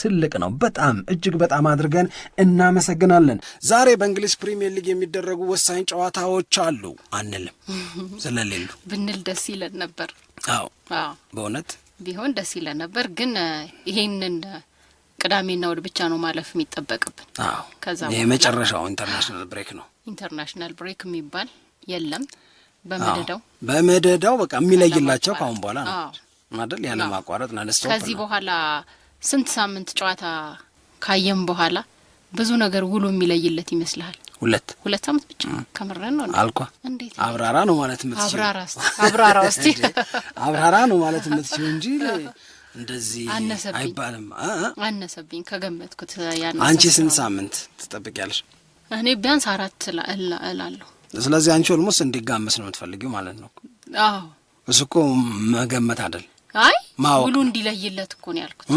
ትልቅ ነው። በጣም እጅግ በጣም አድርገን እናመሰግናለን። ዛሬ በእንግሊዝ ፕሪሚየር ሊግ የሚደረጉ ወሳኝ ጨዋታዎች አሉ አንልም ስለሌሉ ብንል ደስ ይለን ነበር። አዎ በእውነት ቢሆን ደስ ይለን ነበር፣ ግን ይሄንን ቅዳሜና እሁድ ብቻ ነው ማለፍ የሚጠበቅብን። ከዛ የመጨረሻው ኢንተርናሽናል ብሬክ ነው። ኢንተርናሽናል ብሬክ የሚባል የለም። በመደዳው በመደዳው በቃ የሚለይላቸው ከአሁን በኋላ ነው አይደል? ያለ ማቋረጥ ከዚህ በኋላ ስንት ሳምንት ጨዋታ ካየም በኋላ ብዙ ነገር ውሉ የሚለይለት ይመስልሃል? ሁለት ሁለት ሳምንት ብቻ ከምረን ነው አልኳ። እንዴት አብራራ ነው ማለት የምትችይው? አብራራ ውስ አብራራ ነው ማለት የምትችይው እንጂ እንደዚህ አይባልም። አነሰብኝ ከገመትኩት። ያን አንቺ ስንት ሳምንት ትጠብቂያለሽ? እኔ ቢያንስ አራት እላለሁ። ስለዚህ አንቺ ኦልሞስት እንዲጋመስ ነው የምትፈልጊው ማለት ነው? አዎ እሱ እኮ መገመት አይደል አይ ማወቅ እንዲለይለት እኮ ነው ያልኩት።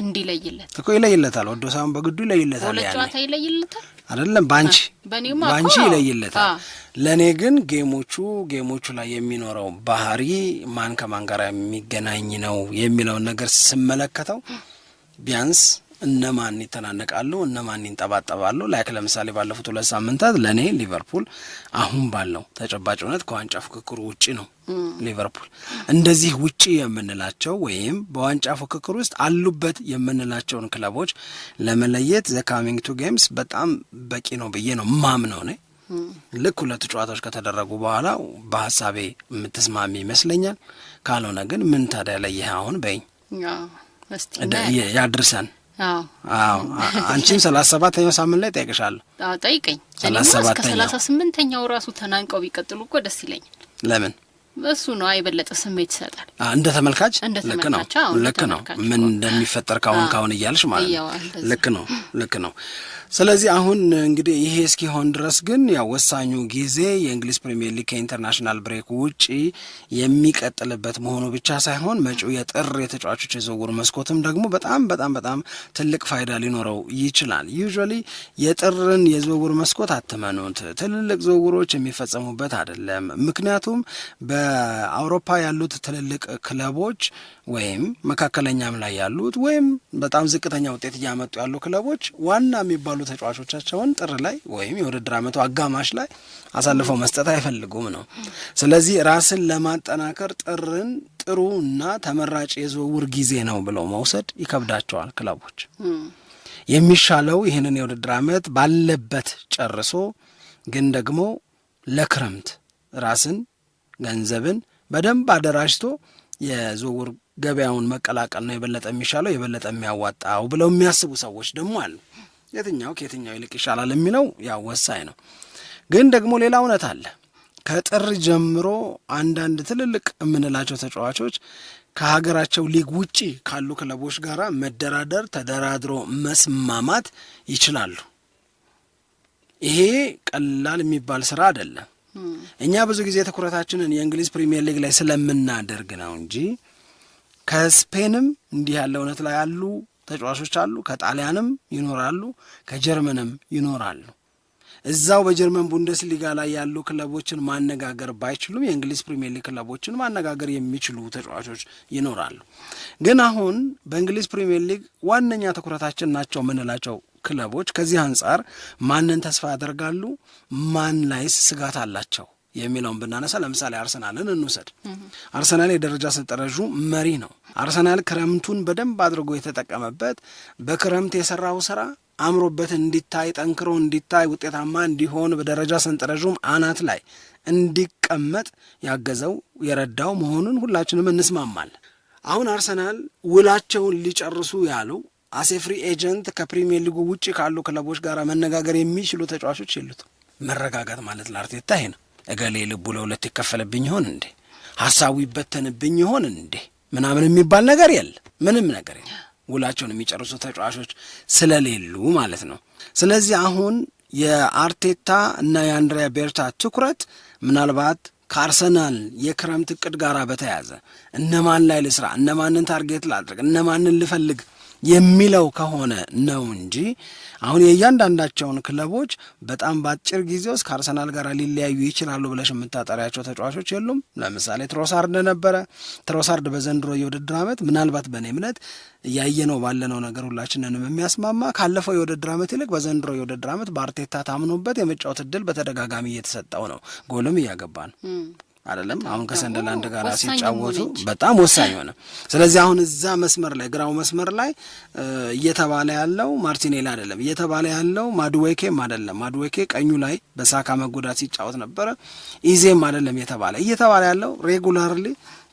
እንዲለይለት እኮ ይለይለታል። ወዶ ሳይሆን በግዱ ይለይለታል። ሁለት ጨዋታ ይለይለታል አይደለም ባንቺ ባንቺ ይለይለታል። ለእኔ ግን ጌሞቹ ጌሞቹ ላይ የሚኖረው ባህሪ ማን ከማን ጋር የሚገናኝ ነው የሚለውን ነገር ስመለከተው ቢያንስ እነማን ይተናነቃሉ፣ እነማን ይንጠባጠባሉ። ላይክ ለምሳሌ ባለፉት ሁለት ሳምንታት ለእኔ ሊቨርፑል አሁን ባለው ተጨባጭ እውነት ከዋንጫ ፉክክሩ ውጭ ነው። ሊቨርፑል እንደዚህ ውጪ የምንላቸው ወይም በዋንጫ ፉክክር ውስጥ አሉበት የምንላቸውን ክለቦች ለመለየት ዘ ካሚንግ ቱ ጌምስ በጣም በቂ ነው ብዬ ነው ማምነው ነ ልክ ሁለቱ ጨዋታዎች ከተደረጉ በኋላ በሀሳቤ የምትስማሚ ይመስለኛል። ካልሆነ ግን ምን ታዲያ ለይህ አሁን በኝ ያድርሰን አዎ አንቺም ሰላሳ ሰባተኛው ሳምንት ላይ ጠይቅሻለሁ። ጠይቀኝ ሰላሳ ሰባተኛው ሰላሳ ስምንተኛው ራሱ ተናንቀው ቢቀጥሉ እኮ ደስ ይለኛል። ለምን እሱ ነው የበለጠ ስሜት ይሰጣል። እንደ ተመልካች ልክ ነው ልክ ነው። ምን እንደሚፈጠር ካሁን ካሁን እያልሽ ማለት ነው። ልክ ነው ልክ ነው። ስለዚህ አሁን እንግዲህ ይሄ እስኪሆን ድረስ ግን ያው ወሳኙ ጊዜ የእንግሊዝ ፕሪምየር ሊግ ከኢንተርናሽናል ብሬክ ውጪ የሚቀጥልበት መሆኑ ብቻ ሳይሆን መጪው የጥር የተጫዋቾች የዝውውር መስኮትም ደግሞ በጣም በጣም በጣም ትልቅ ፋይዳ ሊኖረው ይችላል። ዩዥዋሊ የጥርን የዝውውር መስኮት አትመኑት። ትልልቅ ዝውውሮች የሚፈጸሙበት አይደለም። ምክንያቱም በ በአውሮፓ ያሉት ትልልቅ ክለቦች ወይም መካከለኛም ላይ ያሉት ወይም በጣም ዝቅተኛ ውጤት እያመጡ ያሉ ክለቦች ዋና የሚባሉ ተጫዋቾቻቸውን ጥር ላይ ወይም የውድድር ዓመቱ አጋማሽ ላይ አሳልፈው መስጠት አይፈልጉም ነው። ስለዚህ ራስን ለማጠናከር ጥርን ጥሩ እና ተመራጭ የዝውውር ጊዜ ነው ብለው መውሰድ ይከብዳቸዋል ክለቦች። የሚሻለው ይህንን የውድድር ዓመት ባለበት ጨርሶ ግን ደግሞ ለክረምት ራስን ገንዘብን በደንብ አደራጅቶ የዝውውር ገበያውን መቀላቀል ነው የበለጠ የሚሻለው የበለጠ የሚያዋጣው ብለው የሚያስቡ ሰዎች ደግሞ አሉ። የትኛው ከየትኛው ይልቅ ይሻላል የሚለው ያው ወሳኝ ነው። ግን ደግሞ ሌላ እውነት አለ። ከጥር ጀምሮ አንዳንድ ትልልቅ የምንላቸው ተጫዋቾች ከሀገራቸው ሊግ ውጪ ካሉ ክለቦች ጋር መደራደር፣ ተደራድሮ መስማማት ይችላሉ። ይሄ ቀላል የሚባል ስራ አይደለም። እኛ ብዙ ጊዜ ትኩረታችንን የእንግሊዝ ፕሪምየር ሊግ ላይ ስለምናደርግ ነው እንጂ ከስፔንም እንዲህ ያለ እውነት ላይ ያሉ ተጫዋቾች አሉ። ከጣሊያንም ይኖራሉ፣ ከጀርመንም ይኖራሉ። እዛው በጀርመን ቡንደስሊጋ ላይ ያሉ ክለቦችን ማነጋገር ባይችሉም የእንግሊዝ ፕሪምየር ሊግ ክለቦችን ማነጋገር የሚችሉ ተጫዋቾች ይኖራሉ። ግን አሁን በእንግሊዝ ፕሪምየር ሊግ ዋነኛ ትኩረታችን ናቸው ምንላቸው። ክለቦች ከዚህ አንጻር ማንን ተስፋ ያደርጋሉ፣ ማን ላይስ ስጋት አላቸው የሚለውን ብናነሳ ለምሳሌ አርሰናልን እንውሰድ። አርሰናል የደረጃ ሰንጠረዡ መሪ ነው። አርሰናል ክረምቱን በደንብ አድርጎ የተጠቀመበት በክረምት የሰራው ስራ አምሮበት እንዲታይ ጠንክሮ እንዲታይ ውጤታማ እንዲሆን በደረጃ ሰንጠረዡም አናት ላይ እንዲቀመጥ ያገዘው የረዳው መሆኑን ሁላችንም እንስማማል። አሁን አርሰናል ውላቸውን ሊጨርሱ ያሉ አሴ ፍሪ ኤጀንት ከፕሪሚየር ሊጉ ውጭ ካሉ ክለቦች ጋር መነጋገር የሚችሉ ተጫዋቾች የሉት መረጋጋት ማለት ለአርቴታ ይሄ ነው። እገሌ ልቡ ለሁለት ይከፈልብኝ ይሆን እንዴ? ሀሳቡ ይበተንብኝ ይሆን እንዴ? ምናምን የሚባል ነገር የለ። ምንም ነገር ውላቸውን የሚጨርሱ ተጫዋቾች ስለሌሉ ማለት ነው። ስለዚህ አሁን የአርቴታ እና የአንድሪያ ቤርታ ትኩረት ምናልባት ከአርሰናል የክረምት እቅድ ጋር በተያያዘ እነማን ላይ ልስራ፣ እነማንን ታርጌት ላድርግ፣ እነማንን ልፈልግ የሚለው ከሆነ ነው እንጂ አሁን የእያንዳንዳቸውን ክለቦች በጣም በአጭር ጊዜ ውስጥ ከአርሰናል ጋር ሊለያዩ ይችላሉ ብለሽ የምታጠሪያቸው ተጫዋቾች የሉም። ለምሳሌ ትሮሳርድ ነበረ። ትሮሳርድ በዘንድሮ የውድድር ዓመት ምናልባት በእኔ እምነት እያየነው ባለነው ነገር ሁላችንንም የሚያስማማ ካለፈው የውድድር ዓመት ይልቅ በዘንድሮ የውድድር ዓመት በአርቴታ ታምኖበት የመጫወት እድል በተደጋጋሚ እየተሰጠው ነው። ጎልም እያገባ ነው። አይደለም አሁን ከሰንደርላንድ ጋር ሲጫወቱ በጣም ወሳኝ ሆነ። ስለዚህ አሁን እዛ መስመር ላይ ግራው መስመር ላይ እየተባለ ያለው ማርቲኔል አይደለም፣ እየተባለ ያለው ማድዌኬም አይደለም። ማድዌኬ ቀኙ ላይ በሳካ መጎዳት ሲጫወት ነበረ። ኢዜም አይደለም እየተባለ እየተባለ ያለው ሬጉላርሊ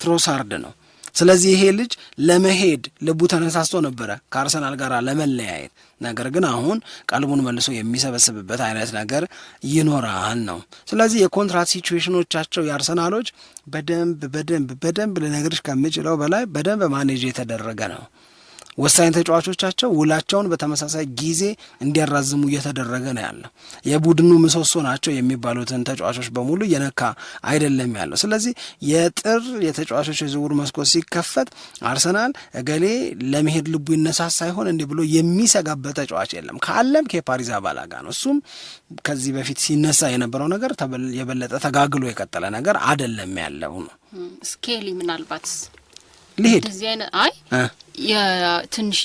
ትሮሳርድ ነው። ስለዚህ ይሄ ልጅ ለመሄድ ልቡ ተነሳስቶ ነበረ ከአርሰናል ጋር ለመለያየት። ነገር ግን አሁን ቀልቡን መልሶ የሚሰበስብበት አይነት ነገር ይኖራል ነው። ስለዚህ የኮንትራት ሲቹዌሽኖቻቸው የአርሰናሎች በደንብ በደንብ በደንብ ልነግርሽ ከምችለው በላይ በደንብ ማኔጅ የተደረገ ነው። ወሳኝ ተጫዋቾቻቸው ውላቸውን በተመሳሳይ ጊዜ እንዲያራዝሙ እየተደረገ ነው ያለው። የቡድኑ ምሰሶ ናቸው የሚባሉትን ተጫዋቾች በሙሉ የነካ አይደለም ያለው። ስለዚህ የጥር የተጫዋቾች የዝውውር መስኮት ሲከፈት አርሰናል እገሌ ለመሄድ ልቡ ይነሳስ ሳይሆን እንዲህ ብሎ የሚሰጋበት ተጫዋች የለም። ከአለም ከፓሪዝ አባላ ጋር ነው። እሱም ከዚህ በፊት ሲነሳ የነበረው ነገር የበለጠ ተጋግሎ የቀጠለ ነገር አደለም ያለው ነው። ስኬሊ ምናልባት ልሄድ አይ ትንሽ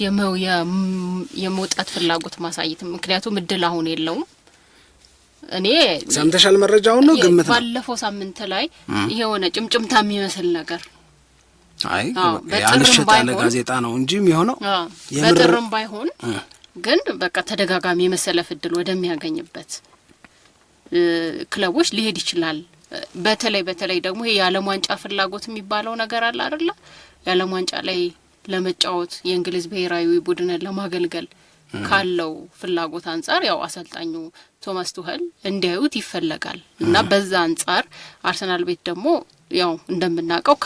የመውጣት ፍላጎት ማሳየት ምክንያቱም እድል አሁን የለውም። እኔ ሰምተሻል፣ መረጃውን ነው ግምት ባለፈው ሳምንት ላይ የሆነ ጭምጭምታ የሚመስል ነገር አይ ያለ ጋዜጣ ነው እንጂ የሚሆነው በጥርም ባይሆን ግን በቃ ተደጋጋሚ የመሰለፍ እድል ወደሚያገኝበት ክለቦች ሊሄድ ይችላል። በተለይ በተለይ ደግሞ ይሄ የዓለም ዋንጫ ፍላጎት የሚባለው ነገር አለ አይደለም። የዓለም ዋንጫ ላይ ለመጫወት የእንግሊዝ ብሔራዊ ቡድንን ለማገልገል ካለው ፍላጎት አንጻር ያው አሰልጣኙ ቶማስ ቱኸል እንዲያዩት ይፈለጋል እና በዛ አንጻር አርሰናል ቤት ደግሞ ያው እንደምናውቀው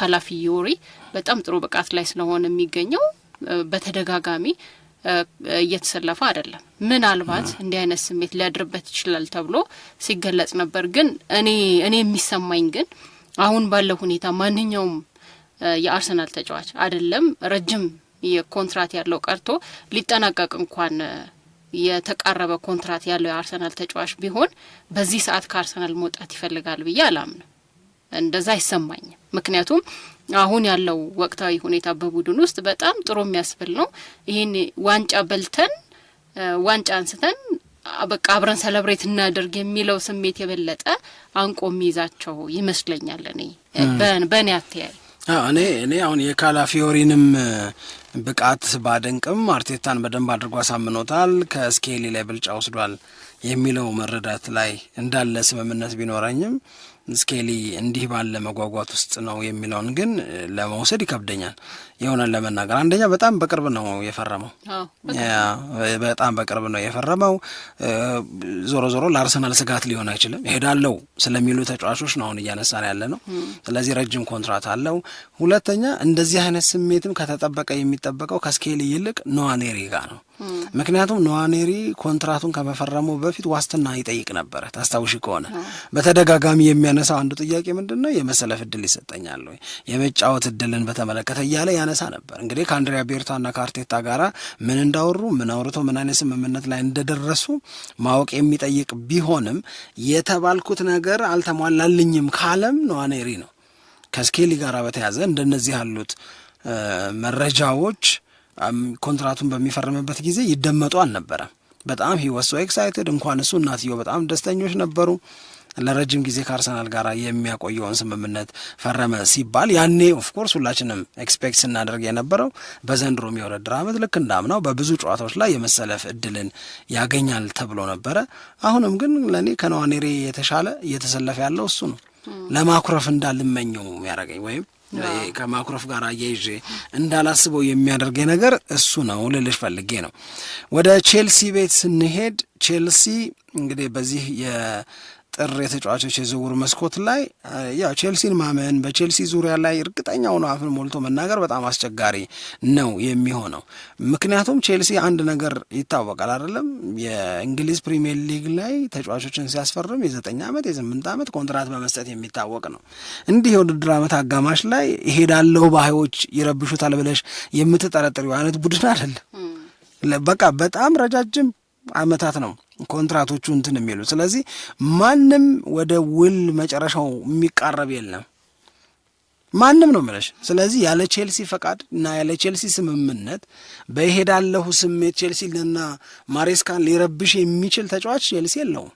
ዮሪ በጣም ጥሩ ብቃት ላይ ስለሆነ የሚገኘው በተደጋጋሚ እየተሰለፈ አይደለም። ምናልባት እንዲህ አይነት ስሜት ሊያድርበት ይችላል ተብሎ ሲገለጽ ነበር። ግን እኔ እኔ የሚሰማኝ ግን አሁን ባለው ሁኔታ ማንኛውም የአርሰናል ተጫዋች አይደለም። ረጅም የኮንትራት ያለው ቀርቶ ሊጠናቀቅ እንኳን የተቃረበ ኮንትራት ያለው የአርሰናል ተጫዋች ቢሆን በዚህ ሰዓት ከአርሰናል መውጣት ይፈልጋል ብዬ አላምንም። እንደዛ አይሰማኝም። ምክንያቱም አሁን ያለው ወቅታዊ ሁኔታ በቡድን ውስጥ በጣም ጥሩ የሚያስብል ነው። ይህን ዋንጫ በልተን ዋንጫ አንስተን በቃ አብረን ሰለብሬት እናደርግ የሚለው ስሜት የበለጠ አንቆ የሚይዛቸው ይመስለኛል እኔ በእኔ አተያይ እኔ እኔ አሁን የካላፊዮሪንም ብቃት ባደንቅም አርቴታን በደንብ አድርጎ አሳምኖታል። ከስኬሊ ላይ ብልጫ ወስዷል የሚለው መረዳት ላይ እንዳለ ስምምነት ቢኖረኝም ስኬሊ እንዲህ ባለ መጓጓት ውስጥ ነው የሚለውን ግን ለመውሰድ ይከብደኛል። የሆነን ለመናገር አንደኛ በጣም በቅርብ ነው የፈረመው፣ በጣም በቅርብ ነው የፈረመው። ዞሮ ዞሮ ለአርሰናል ስጋት ሊሆን አይችልም ሄዳለው ስለሚሉ ተጫዋቾች ነው አሁን እያነሳን ያለ ነው። ስለዚህ ረጅም ኮንትራት አለው። ሁለተኛ እንደዚህ አይነት ስሜትም ከተጠበቀ የሚጠበቀው ከስኬሊ ይልቅ ኖዋኔሪ ጋር ነው ምክንያቱም ነዋኔሪ ኮንትራቱን ከመፈረሙ በፊት ዋስትና ይጠይቅ ነበረ። ታስታውሽ ከሆነ በተደጋጋሚ የሚያነሳው አንዱ ጥያቄ ምንድን ነው፣ የመሰለፍ እድል ይሰጠኛል ወይ የመጫወት እድልን በተመለከተ እያለ ያነሳ ነበር። እንግዲህ ከአንድሪያ ቤርታና ከአርቴታ ጋራ ምን እንዳወሩ ምን አውርቶ ምን አይነት ስምምነት ላይ እንደደረሱ ማወቅ የሚጠይቅ ቢሆንም የተባልኩት ነገር አልተሟላልኝም ካለም ነዋኔሪ ነው። ከስኬሊ ጋር በተያዘ እንደነዚህ ያሉት መረጃዎች ኮንትራቱን በሚፈርምበት ጊዜ ይደመጡ አልነበረም። በጣም ሂወሶ ኤክሳይትድ እንኳን እሱ እናትየው በጣም ደስተኞች ነበሩ። ለረጅም ጊዜ ከአርሰናል ጋር የሚያቆየውን ስምምነት ፈረመ ሲባል ያኔ ኦፍኮርስ ሁላችንም ኤክስፔክት ስናደርግ የነበረው በዘንድሮም የውድድር ዓመት ልክ እንዳምናው በብዙ ጨዋታዎች ላይ የመሰለፍ እድልን ያገኛል ተብሎ ነበረ። አሁንም ግን ለእኔ ከነዋኔሬ የተሻለ እየተሰለፈ ያለው እሱ ነው። ለማኩረፍ እንዳልመኘው ያደረገኝ ወይም ከማኩረፍ ጋር አያይዤ እንዳላስበው የሚያደርገኝ ነገር እሱ ነው ልልሽ ፈልጌ ነው። ወደ ቼልሲ ቤት ስንሄድ ቼልሲ እንግዲህ በዚህ የ ጥር የተጫዋቾች የዝውውር መስኮት ላይ ያው ቼልሲን ማመን በቼልሲ ዙሪያ ላይ እርግጠኛ ሆኖ አፍን ሞልቶ መናገር በጣም አስቸጋሪ ነው የሚሆነው። ምክንያቱም ቼልሲ አንድ ነገር ይታወቃል አይደለም፣ የእንግሊዝ ፕሪሚየር ሊግ ላይ ተጫዋቾችን ሲያስፈርም የዘጠኝ ዓመት የስምንት ዓመት ኮንትራት በመስጠት የሚታወቅ ነው። እንዲህ የውድድር ዓመት አጋማሽ ላይ ይሄዳለው ባዮች ይረብሹታል ብለሽ የምትጠረጥሪው አይነት ቡድን አይደለም። በቃ በጣም ረጃጅም አመታት ነው ኮንትራቶቹ እንትን የሚሉ ስለዚህ ማንም ወደ ውል መጨረሻው የሚቃረብ የለም ማንም ነው ምለሽ ስለዚህ ያለ ቼልሲ ፈቃድ እና ያለ ቼልሲ ስምምነት በይሄዳለሁ ስሜት ቼልሲና ማሬስካን ሊረብሽ የሚችል ተጫዋች ቼልሲ የለውም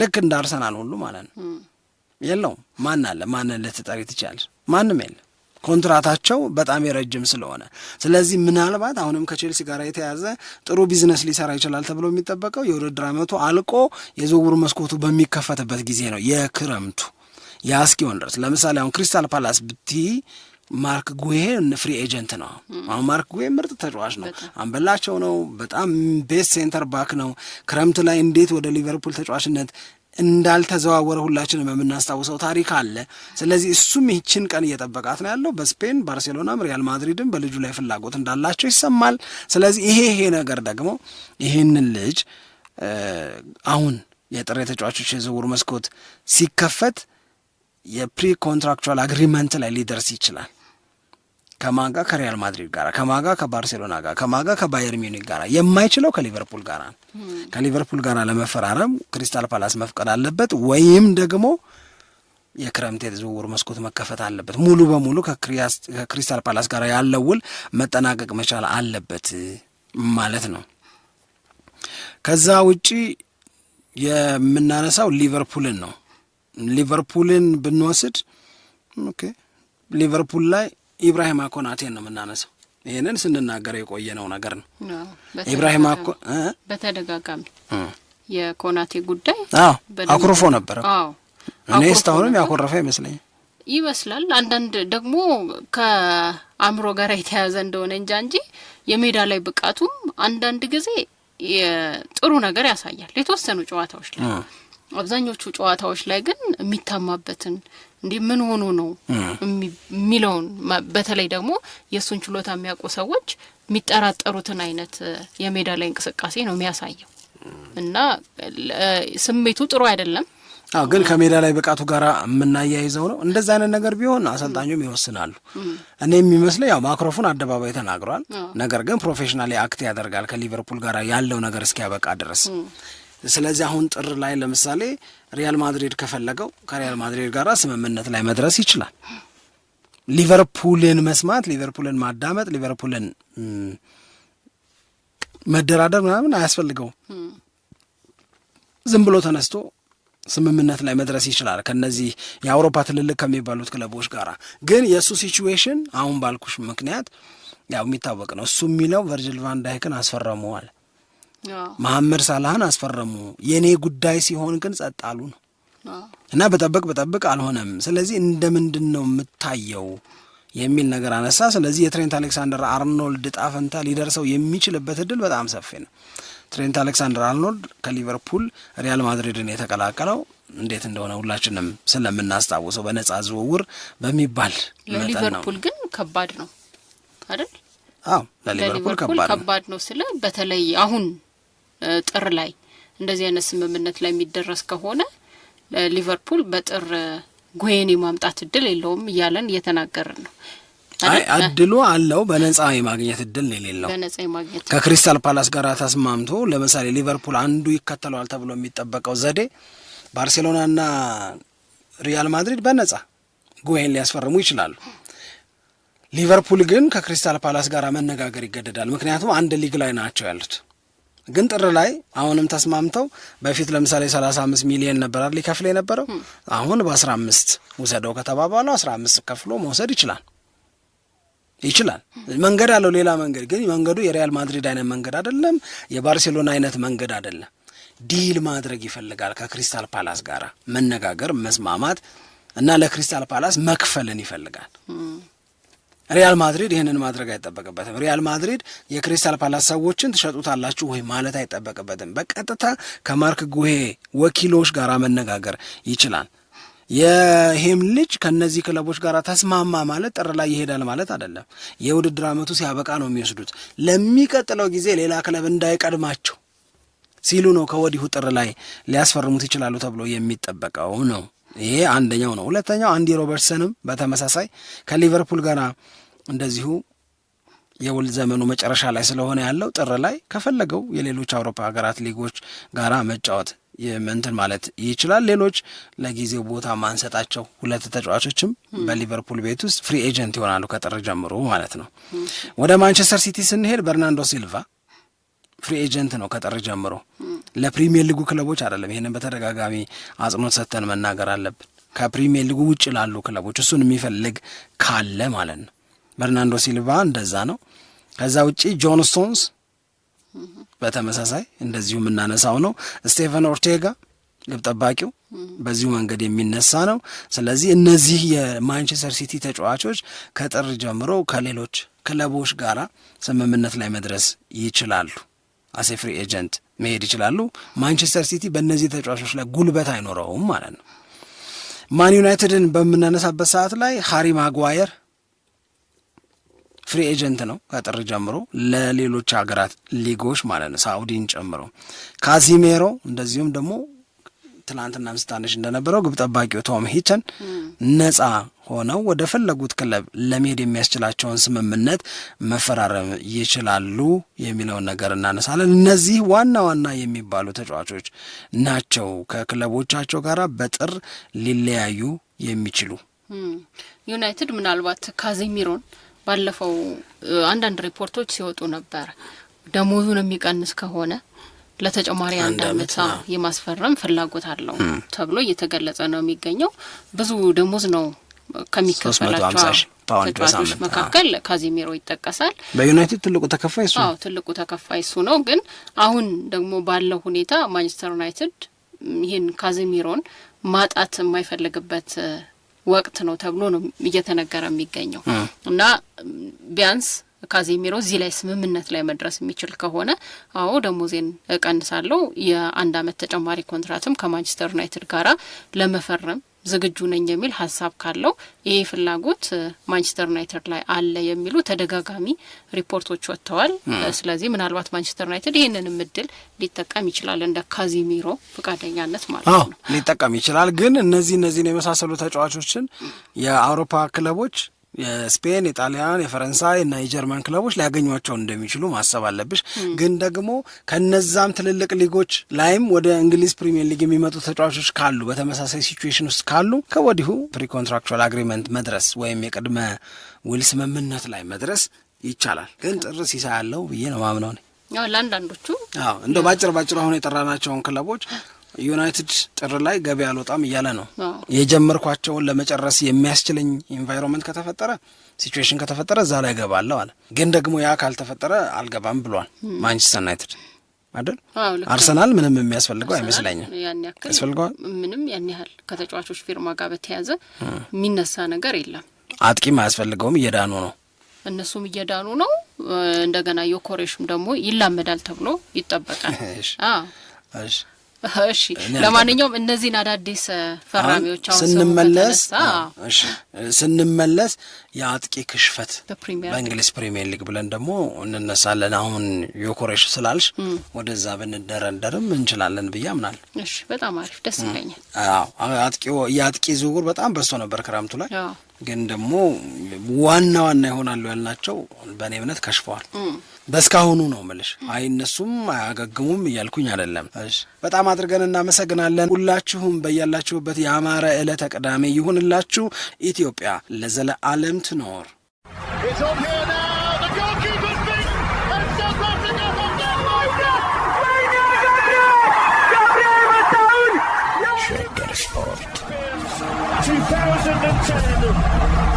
ልክ እንዳርሰናል ሁሉ ማለት ነው የለውም ማን አለ ማንን ልትጠሪ ትችላለች ማንም የለም ኮንትራታቸው በጣም የረጅም ስለሆነ፣ ስለዚህ ምናልባት አሁንም ከቼልሲ ጋር የተያዘ ጥሩ ቢዝነስ ሊሰራ ይችላል ተብሎ የሚጠበቀው የውድድር ዓመቱ አልቆ የዝውውር መስኮቱ በሚከፈትበት ጊዜ ነው። የክረምቱ የአስኪሆን ድረስ ለምሳሌ አሁን ክሪስታል ፓላስ ብቲ ማርክ ጉሄ ፍሪ ኤጀንት ነው። አሁን ማርክ ጉሄ ምርጥ ተጫዋች ነው፣ አንበላቸው ነው፣ በጣም ቤስት ሴንተር ባክ ነው። ክረምት ላይ እንዴት ወደ ሊቨርፑል ተጫዋችነት እንዳልተዘዋወረ ሁላችንም የምናስታውሰው ታሪክ አለ። ስለዚህ እሱም ይህችን ቀን እየጠበቃት ነው ያለው። በስፔን ባርሴሎናም ሪያል ማድሪድም በልጁ ላይ ፍላጎት እንዳላቸው ይሰማል። ስለዚህ ይሄ ይሄ ነገር ደግሞ ይህንን ልጅ አሁን የጥሬ ተጫዋቾች የዝውውር መስኮት ሲከፈት የፕሪ ኮንትራክቹዋል አግሪመንት ላይ ሊደርስ ይችላል። ከማጋ ከሪያል ማድሪድ ጋር ከማጋ ከባርሴሎና ጋር ከማጋ ከባየር ሚኒክ ጋር የማይችለው ከሊቨርፑል ጋር ነው። ከሊቨርፑል ጋር ለመፈራረም ክሪስታል ፓላስ መፍቀድ አለበት ወይም ደግሞ የክረምት የዝውውር መስኮት መከፈት አለበት። ሙሉ በሙሉ ከክሪስታል ፓላስ ጋር ያለው ውል መጠናቀቅ መቻል አለበት ማለት ነው። ከዛ ውጪ የምናነሳው ሊቨርፑልን ነው። ሊቨርፑልን ብንወስድ ኦኬ ሊቨርፑል ላይ ኢብራሂማ ኮናቴን ነው የምናነሳው። ይህንን ስንናገር የቆየነው ነገር ነው። አኮ በተደጋጋሚ የኮናቴ ጉዳይ አኩርፎ ነበረ። እኔ እስካሁንም ያኮረፈ ይመስለኝ ይመስላል አንዳንድ ደግሞ ከአእምሮ ጋር የተያያዘ እንደሆነ እንጃ እንጂ የሜዳ ላይ ብቃቱም አንዳንድ ጊዜ ጥሩ ነገር ያሳያል የተወሰኑ ጨዋታዎች ላይ አብዛኞቹ ጨዋታዎች ላይ ግን የሚታማበትን እንዴ ምን ሆኖ ነው የሚለውን በተለይ ደግሞ የእሱን ችሎታ የሚያውቁ ሰዎች የሚጠራጠሩትን አይነት የሜዳ ላይ እንቅስቃሴ ነው የሚያሳየው እና ስሜቱ ጥሩ አይደለም። አዎ ግን ከሜዳ ላይ ብቃቱ ጋር የምናያይዘው ነው። እንደዚ አይነት ነገር ቢሆን አሰልጣኙም ይወስናሉ። እኔ የሚመስለው ያው ማክሮፎን አደባባይ ተናግሯል። ነገር ግን ፕሮፌሽናል አክት ያደርጋል ከሊቨርፑል ጋር ያለው ነገር እስኪያበቃ ድረስ ስለዚህ አሁን ጥር ላይ ለምሳሌ ሪያል ማድሪድ ከፈለገው ከሪያል ማድሪድ ጋር ስምምነት ላይ መድረስ ይችላል። ሊቨርፑልን መስማት፣ ሊቨርፑልን ማዳመጥ፣ ሊቨርፑልን መደራደር ምናምን አያስፈልገውም። ዝም ብሎ ተነስቶ ስምምነት ላይ መድረስ ይችላል ከነዚህ የአውሮፓ ትልልቅ ከሚባሉት ክለቦች ጋር። ግን የእሱ ሲችዌሽን አሁን ባልኩሽ ምክንያት ያው የሚታወቅ ነው። እሱ የሚለው ቨርጅል ቫን ዳይክን አስፈረመዋል። መሐመድ ሳላህን አስፈረሙ። የእኔ ጉዳይ ሲሆን ግን ጸጥ አሉ ነው እና በጠበቅ በጠብቅ አልሆነም። ስለዚህ እንደ ምንድን ነው የምታየው የሚል ነገር አነሳ። ስለዚህ የትሬንት አሌክሳንደር አርኖልድ ዕጣ ፈንታ ሊደርሰው የሚችልበት እድል በጣም ሰፊ ነው። ትሬንት አሌክሳንደር አርኖልድ ከሊቨርፑል ሪያል ማድሪድን የተቀላቀለው እንዴት እንደሆነ ሁላችንም ስለምናስታውሰው በነጻ ዝውውር በሚባል ለሊቨርፑል ግን ከባድ ነው አይደል? አዎ ለሊቨርፑል ከባድ ነው ስለ በተለይ አሁን ጥር ላይ እንደዚህ አይነት ስምምነት ላይ የሚደረስ ከሆነ ሊቨርፑል በጥር ጉዌን የማምጣት እድል የለውም እያለን እየተናገርን ነው። አይ እድሉ አለው፣ በነጻ የማግኘት እድል ነው የሌለው። ከክሪስታል ፓላስ ጋር ተስማምቶ ለምሳሌ ሊቨርፑል አንዱ ይከተለዋል ተብሎ የሚጠበቀው ዘዴ ባርሴሎናና ሪያል ማድሪድ በነጻ ጉዌን ሊያስፈርሙ ይችላሉ። ሊቨርፑል ግን ከክሪስታል ፓላስ ጋር መነጋገር ይገደዳል። ምክንያቱም አንድ ሊግ ላይ ናቸው ያሉት። ግን ጥር ላይ አሁንም ተስማምተው በፊት ለምሳሌ 35 ሚሊየን ነበራል ሊከፍል የነበረው አሁን በ15 ውሰደው ከተባባሉ 15 ከፍሎ መውሰድ ይችላል ይችላል። መንገድ አለው ሌላ መንገድ ግን መንገዱ የሪያል ማድሪድ አይነት መንገድ አይደለም፣ የባርሴሎና አይነት መንገድ አይደለም። ዲል ማድረግ ይፈልጋል ከክሪስታል ፓላስ ጋር መነጋገር፣ መስማማት እና ለክሪስታል ፓላስ መክፈልን ይፈልጋል። ሪያል ማድሪድ ይህንን ማድረግ አይጠበቅበትም። ሪያል ማድሪድ የክሪስታል ፓላስ ሰዎችን ትሸጡታላችሁ ወይ ማለት አይጠበቅበትም። በቀጥታ ከማርክ ጉሄ ወኪሎች ጋር መነጋገር ይችላል። ይህም ልጅ ከነዚህ ክለቦች ጋር ተስማማ ማለት ጥር ላይ ይሄዳል ማለት አይደለም። የውድድር ዓመቱ ሲያበቃ ነው የሚወስዱት። ለሚቀጥለው ጊዜ ሌላ ክለብ እንዳይቀድማቸው ሲሉ ነው ከወዲሁ ጥር ላይ ሊያስፈርሙት ይችላሉ ተብሎ የሚጠበቀው ነው። ይሄ አንደኛው ነው። ሁለተኛው አንዲ ሮበርትሰንም በተመሳሳይ ከሊቨርፑል ጋር እንደዚሁ የውል ዘመኑ መጨረሻ ላይ ስለሆነ ያለው ጥር ላይ ከፈለገው የሌሎች አውሮፓ ሀገራት ሊጎች ጋራ መጫወት እንትን ማለት ይችላል። ሌሎች ለጊዜው ቦታ ማንሰጣቸው ሁለት ተጫዋቾችም በሊቨርፑል ቤት ውስጥ ፍሪ ኤጀንት ይሆናሉ ከጥር ጀምሮ ማለት ነው። ወደ ማንቸስተር ሲቲ ስንሄድ በርናንዶ ሲልቫ ፍሪ ኤጀንት ነው ከጥር ጀምሮ። ለፕሪሚየር ሊጉ ክለቦች አይደለም። ይህንን በተደጋጋሚ አጽንኦት ሰጥተን መናገር አለብን። ከፕሪሚየር ሊጉ ውጭ ላሉ ክለቦች እሱን የሚፈልግ ካለ ማለት ነው በርናንዶ ሲልቫ እንደዛ ነው። ከዛ ውጪ ጆን ስቶንስ በተመሳሳይ እንደዚሁ የምናነሳው ነው። ስቴፈን ኦርቴጋ ግብ ጠባቂው በዚሁ መንገድ የሚነሳ ነው። ስለዚህ እነዚህ የማንቸስተር ሲቲ ተጫዋቾች ከጥር ጀምሮ ከሌሎች ክለቦች ጋር ስምምነት ላይ መድረስ ይችላሉ። አሴ ፍሪ ኤጀንት መሄድ ይችላሉ። ማንቸስተር ሲቲ በእነዚህ ተጫዋቾች ላይ ጉልበት አይኖረውም ማለት ነው። ማን ዩናይትድን በምናነሳበት ሰዓት ላይ ሃሪ ማጓየር ፍሪ ኤጀንት ነው ከጥር ጀምሮ ለሌሎች ሀገራት ሊጎች ማለት ነው ሳኡዲን ጨምሮ። ካዚሜሮ እንደዚሁም ደግሞ ትናንትና ምስታነሽ እንደነበረው ግብ ጠባቂው ቶም ሂቸን ነጻ ሆነው ወደ ፈለጉት ክለብ ለመሄድ የሚያስችላቸውን ስምምነት መፈራረም ይችላሉ የሚለውን ነገር እናነሳለን። እነዚህ ዋና ዋና የሚባሉ ተጫዋቾች ናቸው ከክለቦቻቸው ጋር በጥር ሊለያዩ የሚችሉ ዩናይትድ ምናልባት ካዚሚሮን ባለፈው አንዳንድ ሪፖርቶች ሲወጡ ነበር። ደሞዙን የሚቀንስ ከሆነ ለተጨማሪ አንድ አመት የማስፈረም ፍላጎት አለው ተብሎ እየተገለጸ ነው የሚገኘው። ብዙ ደሞዝ ነው ከሚከፈላቸው ተጫዋቾች መካከል ካዚሚሮ ይጠቀሳል። በዩናይትድ ትልቁ ተከፋይ እሱ ነው። ትልቁ ተከፋይ እሱ ነው። ግን አሁን ደግሞ ባለው ሁኔታ ማንቸስተር ዩናይትድ ይህን ካዚሚሮን ማጣት የማይፈልግበት ወቅት ነው ተብሎ ነው እየተነገረ የሚገኘው እና ቢያንስ ካዜሚሮ እዚህ ላይ ስምምነት ላይ መድረስ የሚችል ከሆነ አዎ ደሞዜን እቀንሳለሁ የአንድ አመት ተጨማሪ ኮንትራትም ከማንቸስተር ዩናይትድ ጋራ ለመፈረም ዝግጁ ነኝ የሚል ሀሳብ ካለው ይሄ ፍላጎት ማንቸስተር ዩናይትድ ላይ አለ የሚሉ ተደጋጋሚ ሪፖርቶች ወጥተዋል። ስለዚህ ምናልባት ማንቸስተር ዩናይትድ ይህንንም እድል ሊጠቀም ይችላል፣ እንደ ካዚሚሮ ፈቃደኛነት ማለት ነው ሊጠቀም ይችላል። ግን እነዚህ እነዚህን የመሳሰሉ ተጫዋቾችን የአውሮፓ ክለቦች የስፔን፣ የጣሊያን፣ የፈረንሳይ እና የጀርመን ክለቦች ሊያገኟቸው እንደሚችሉ ማሰብ አለብሽ። ግን ደግሞ ከነዛም ትልልቅ ሊጎች ላይም ወደ እንግሊዝ ፕሪሚየር ሊግ የሚመጡ ተጫዋቾች ካሉ በተመሳሳይ ሲቹዌሽን ውስጥ ካሉ ከወዲሁ ፕሪ ኮንትራክቹዋል አግሪመንት መድረስ ወይም የቅድመ ውል ስምምነት ላይ መድረስ ይቻላል። ግን ጥር ሲሳ ያለው ብዬ ነው ማምነው። ለአንዳንዶቹ እንደ ባጭር ባጭር አሁን የጠራናቸውን ክለቦች ዩናይትድ ጥር ላይ ገበያ አልወጣም እያለ ነው። የጀመርኳቸውን ለመጨረስ የሚያስችለኝ ኢንቫይሮንመንት ከተፈጠረ ሲትዌሽን ከተፈጠረ እዛ ላይ ገባለሁ አለ። ግን ደግሞ ያ ካልተፈጠረ አልገባም ብሏል ማንቸስተር ዩናይትድ አይደል። አርሰናል ምንም የሚያስፈልገው አይመስለኝም። ያስፈልገዋል ምንም ያን ያህል ከተጫዋቾች ፊርማ ጋር በተያዘ የሚነሳ ነገር የለም። አጥቂም አያስፈልገውም። እየዳኑ ነው፣ እነሱም እየዳኑ ነው። እንደገና የኮሬሽም ደግሞ ይላመዳል ተብሎ ይጠበቃል። እሺ ለማንኛውም እነዚህን አዳዲስ ፈራሚዎች አሁን ስንመለስ ስንመለስ የአጥቂ ክሽፈት በእንግሊዝ ፕሪሚየር ሊግ ብለን ደግሞ እንነሳለን። አሁን ዮኮሬሽ ስላልሽ ወደዛ ብንደረደርም እንችላለን ብዬ አምናለሁ። በጣም አሪፍ ደስ ይለኛል። የአጥቂ ዝውውር በጣም በዝቶ ነበር ክረምቱ ላይ ግን ደግሞ ዋና ዋና ይሆናሉ ያልናቸው በእኔ እምነት ከሽፈዋል። በእስካሁኑ ነው ምልሽ። አይ እነሱም አያገግሙም እያልኩኝ አይደለም። በጣም አድርገን እናመሰግናለን። ሁላችሁም በያላችሁበት የአማረ ዕለተ ቅዳሜ ይሁንላችሁ። ኢትዮጵያ ለዘለዓለም ትኖር። Sen